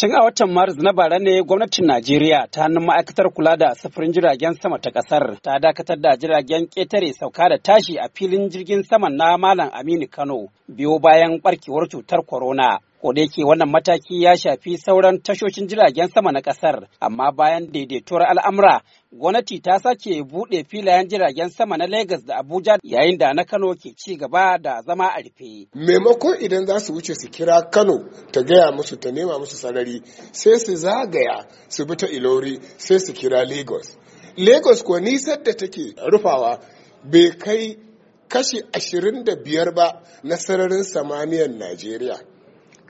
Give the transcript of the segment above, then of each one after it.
Tun a watan Maris na bara ne gwamnatin Najeriya ta hannun ma'aikatar kula da sufurin jiragen sama ta ƙasar, ta dakatar da jiragen ƙetare sauka da tashi a filin jirgin sama na Malam Aminu Kano biyo bayan ɓarkewar cutar corona. da yake wannan mataki ya shafi sauran tashoshin jiragen sama na kasar amma bayan daidaituwar al'amura gwamnati ta sake buɗe filayen jiragen sama na Legas da Abuja yayin da na Kano ke ci gaba da zama a rufe. Maimakon idan za su wuce su kira Kano ta gaya musu ta nema musu sarari sai su zagaya su bi ta Ilori sai su kira Lagos. Lagos ko nisar da take rufawa bai kai kashi ashirin da biyar ba na sararin samaniyar Najeriya.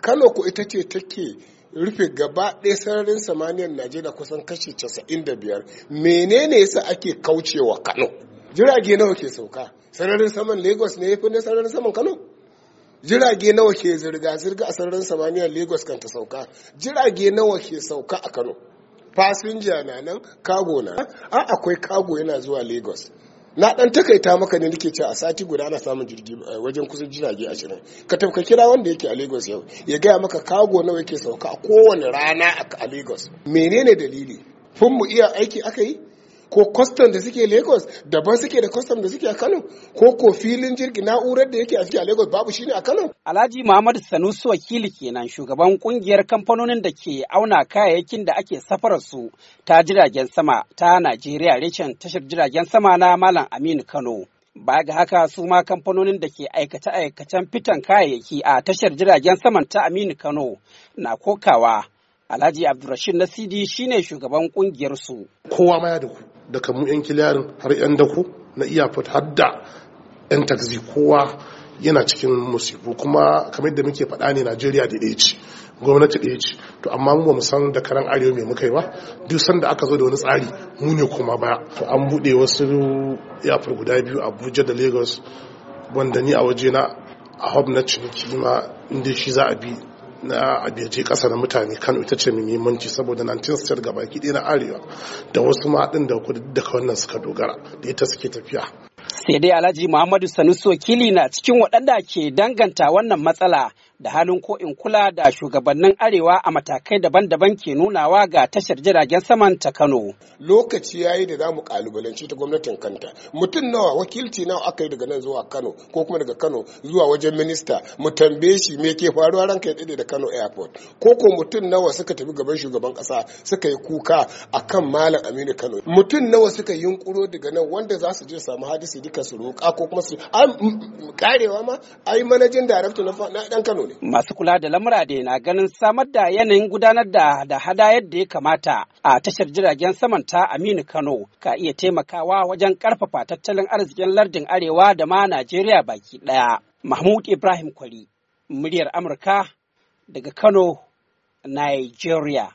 kano ko ita ce take rufe gaba ɗaya sararin samaniyar najeriya kusan kashi 95 menene yasa ake kaucewa kano jirage nawa ke sauka sararin saman lagos ne yafi na sararin saman kano jirage nawa ke zirga-zirga a sararin samaniyar lagos kan ta sauka jirage nawa ke sauka a kano fasinja na nan kago na akwai kago yana zuwa lagos na dan takaita maka ne nake cewa a sati guda ana samun jirgi eh, wajen kusan jirage ashirin ka tafka kira wanda yake a lagos yau ya gaya maka kago nawa yake sauka a kowane rana a lagos menene dalili fun mu iya aiki aka yi ko kwastam da suke lagos daban suke da kwastam da suke a kano ko ko filin jirgi na'urar da yake a a lagos babu shine a kano alhaji Muhammadu Sanusu, wakili kenan shugaban kungiyar kamfanonin da ke auna kayayyakin da ake safarar su ta jiragen sama ta najeriya reshen tashar jiragen sama na malam aminu kano Ba ga haka su ma kamfanonin da ke aikace-aikacen fitan kayayyaki a tashar jiragen saman ta Aminu Kano na kokawa Alhaji Abdulrashid Nasidi shine shugaban kungiyar su. Kowa ma ya ku, daga mu yan kiliyarin har yan daku na iyafot har da yan takzi kowa yana cikin musibu kuma kamar yadda muke faɗa ne Najeriya da ɗaya ce gwamnati ɗaya ce to amma mu mu san da karan arewa mai muka yi ba duk sanda aka zo da wani tsari mu ne kuma baya to an buɗe wasu iyafar guda biyu a Abuja da Lagos wanda ni a waje na a hob na ciniki ma inda shi za a bi na kasa na mutane kano ita ce mai muhimmanci saboda 19th state gaba ki na arewa da wasu ma din da kudu da wannan suka dogara da ita suke tafiya Sai dai Alhaji Muhammadu Sanusi wakili na cikin waɗanda ke danganta wannan matsala da halin ko in kula da shugabannin arewa a matakai daban-daban ke nunawa ga tashar jiragen saman ta Kano. Lokaci ya yi da za mu kalubalanci ta gwamnatin kanta. Mutum nawa wakilci nawa aka yi daga nan zuwa Kano ko kuma daga Kano zuwa wajen minista mu tambaye shi me ke faruwa ranka ya dade da Kano airport. Ko ko mutum nawa suka tafi gaban shugaban kasa suka yi kuka akan Malam Aminu Kano. Mutum nawa suka yunkuro daga nan wanda za su je samu hadisi duka su roƙa ko kuma su karewa ma yi manajin na dan Kano ne. Masu kula da lamura da na ganin samar da yanayin gudanar da da hada yadda ya kamata a tashar jiragen saman ta Aminu Kano ka iya taimakawa wajen karfafa tattalin arzikin lardin Arewa da ma Najeriya baki ɗaya. Mahmud Ibrahim Kwari, muryar Amurka daga Kano, Nigeria.